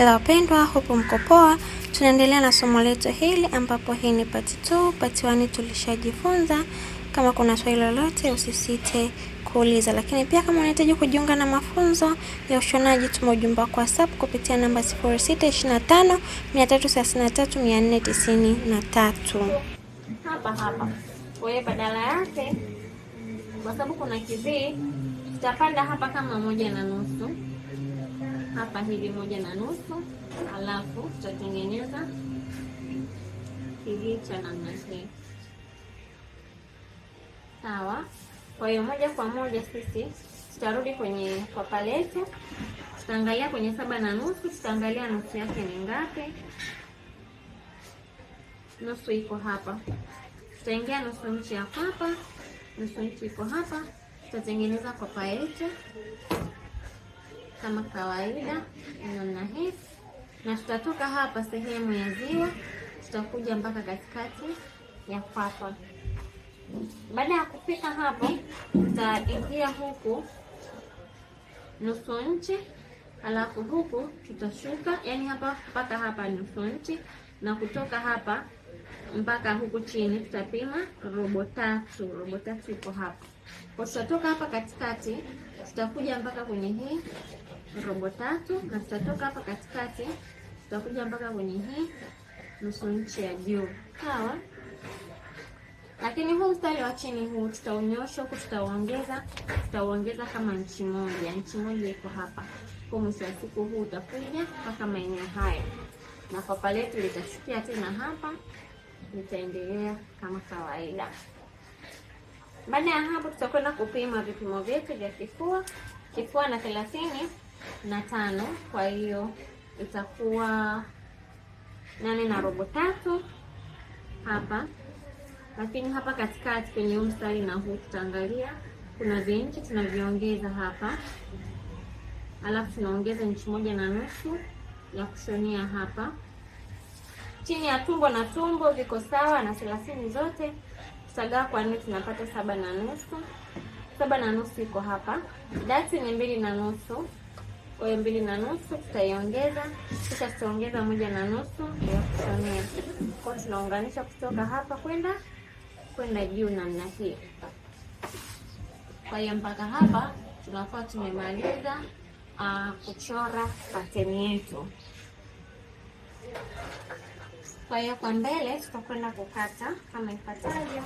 Hello wapendwa, hope mko poa. Tunaendelea na somo letu hili ambapo hii ni part 2. Part 1 tulishajifunza. Kama kuna swali lolote usisite kuuliza, lakini pia kama unahitaji kujiunga na mafunzo ya ushonaji, tuma ujumbe kwa WhatsApp kupitia namba 0625 333 493. Hapa hapa. Kwa hiyo badala yake kwa sababu kuna kivii tutapanda hapa kama moja na nusu hapa hivi moja na nusu, alafu tutatengeneza hivi cha namna hii, sawa. Kwa hiyo moja kwa moja sisi tutarudi kwenye kwa letu tutaangalia kwenye saba na nusu, tutaangalia nusu yake ni ngapi. Nusu iko hapa, tutaingia nusu nchi ya hapa, nusu nchi iko hapa, tutatengeneza kwa yetu kama kawaida namna hii, na tutatoka hapa sehemu ya ziwa, tutakuja mpaka katikati ya kwapa. Baada ya kupika hapo, tutaingia huku nusu nchi, alafu huku tutashuka, yaani hapa mpaka hapa nusu nchi, na kutoka hapa mpaka huku chini tutapima robo tatu. Robo tatu iko hapa kwa, tutatoka hapa katikati, tutakuja mpaka kwenye hii robo tatu, na tutatoka hapa katikati, tutakuja mpaka kwenye hii nusu nchi ya juu, sawa. Lakini huu mstari wa chini huu tutaunyosha huku, tutauongeza, tutauongeza kama nchi moja. Nchi moja iko hapa kwa mwisho wa siku, huu utakuja mpaka maeneo haya, na kwapa letu litasikia tena hapa, litaendelea kama kawaida. Baada ya hapo, tutakwenda kupima vipimo vyetu vya kifua, kifua na thelathini na tano, kwa hiyo itakuwa nane na robo tatu hapa, lakini hapa katikati kwenye huu mstari na huu tutaangalia kuna vinchi tunaviongeza hapa, alafu tunaongeza inchi moja na nusu ya kushonia hapa. Chini ya tumbo na tumbo viko sawa na thelathini zote, tutagaa kwa nne, tunapata saba na nusu. Saba na nusu iko hapa, dati ni mbili na nusu kwa hiyo mbili na nusu tutaiongeza, kisha tutaongeza moja na nusu ya kushonea. Kwa tunaunganisha kutoka hapa kwenda kwenda juu namna hii. Kwa hiyo mpaka hapa tunakuwa tumemaliza uh, kuchora pateni yetu. Kwa hiyo kwa mbele tutakwenda kukata kama ifuatavyo.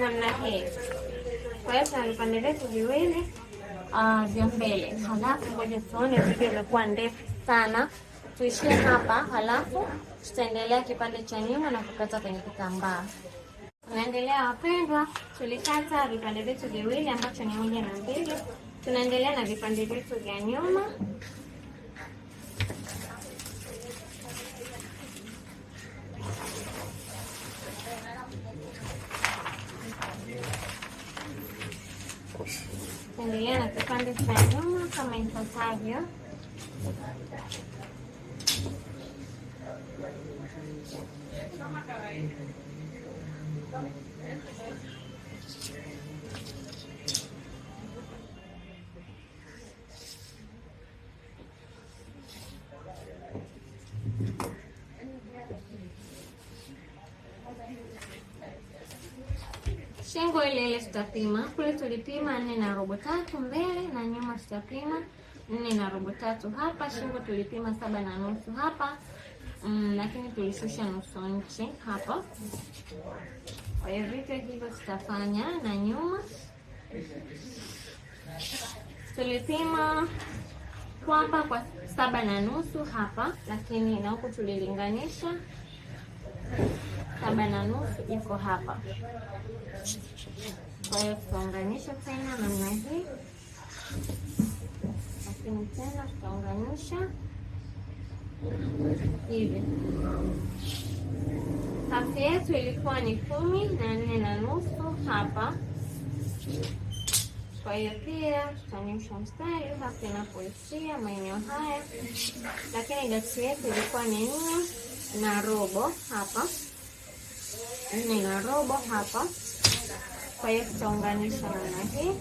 namna hii. Kwa hiyo vipande vyetu viwili ah, vya mbele, halafu ngoja tuone, video imekuwa ndefu sana, tuishie hapa, halafu tutaendelea kipande cha nyuma na kukata kwenye kitambaa. Tunaendelea wapendwa, tulikata vipande vyetu viwili ambacho ni moja na mbili. Tunaendelea na vipande vyetu vya nyuma. Hindi yan, nagpapandit na yung mga kamay sa sabyo. Thank you. Hapo ile ile tutapima kule, tulipima nne na robo tatu mbele na nyuma, tutapima nne na robo tatu hapa. Shingo tulipima saba na nusu hapa mm, lakini tulishusha nusu nchi hapa. Kwa hiyo vitu hivyo tutafanya na nyuma tulipima kwapa kwa saba na nusu hapa, lakini na huku tulilinganisha saba na nusu iko hapa. Kwa hiyo tutaunganisha tena namna hii, lakini tena tutaunganisha hivi. Safu yetu ilikuwa ni kumi na nne na nusu hapa. Kwa hiyo pia tutanyosha mstari hapa inapoishia maeneo haya, lakini gasi yetu ilikuwa ni nne na robo hapa nne na robo hapa. Kwa hiyo tutaunganisha namna hii,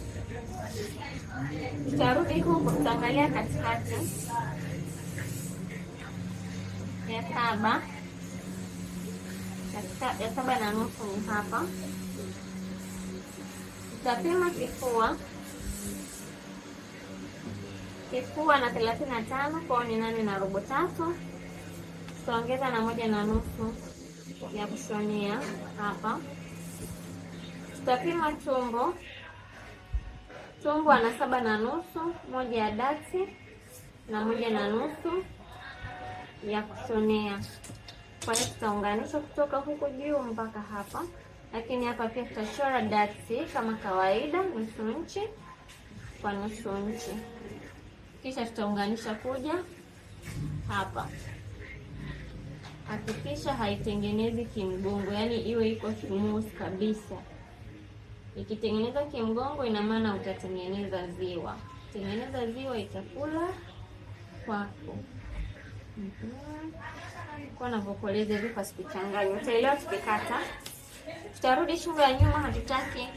tutarudi huku, tutaangalia katikati ya saba ya saba na nusu ni hapa. Tutapima kifua kifua na thelathini na tano kwao ni nane na robo tatu, tutaongeza na moja na nusu ya kushonea hapa. Tutapima tumbo tumbo ana saba na nusu, moja ya dati na moja na nusu ya kushonea. Kwa hiyo tutaunganisha kutoka huku juu mpaka hapa, lakini hapa pia tutachora dati kama kawaida, nusu nchi kwa nusu nchi, kisha tutaunganisha kuja hapa hakikisha haitengenezi kimgongo, yaani iwe iko smooth kabisa. Ikitengeneza kimgongo, ina maana utatengeneza ziwa. Tengeneza ziwa, itakula kwako kwa navyokueleza hivi, pasipochanganya utaelewa. Tukikata tutarudi shuga ya nyuma, hatutaki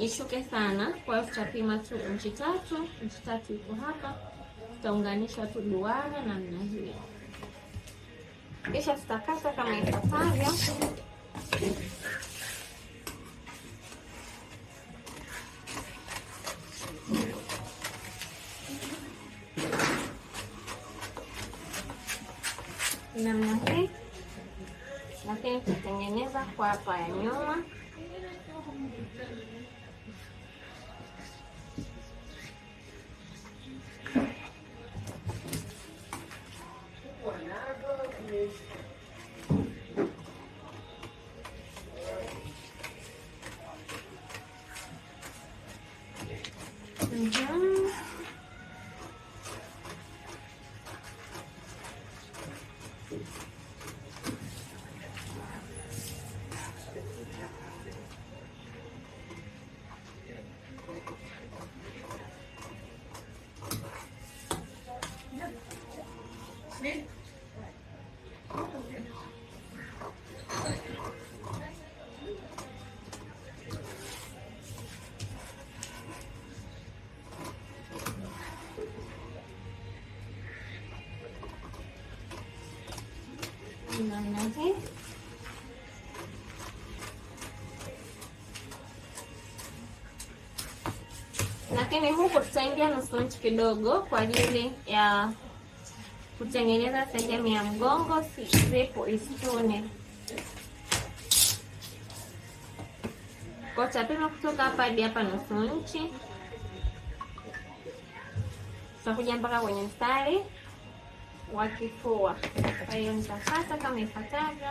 ishuke sana, kwa hiyo tutapima tu nchi tatu. Nchi tatu iko hapa, tutaunganisha tu duara namna hiyo kisha tutakata kama ifuatavyo. namna hii, lakini tutengeneza kwa hapa ya nyuma. Lakini huu tutaingia na sponge kidogo kwa ajili ya kutengeneza sehemu ya mgongo sipo isitune. Kocha pima kutoka hapa hadi hapa nusu inchi, tutakuja mpaka kwenye mstari wa kifua. Kwa hiyo nitakata kama ifuatavyo.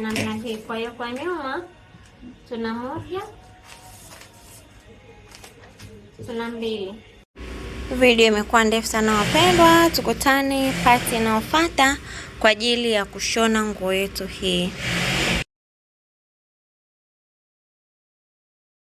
namna hii. Kwa hiyo kwa nyuma tuna moja na mbili. Video imekuwa ndefu sana wapendwa, tukutane pati inayofuata kwa ajili ya kushona nguo yetu hii.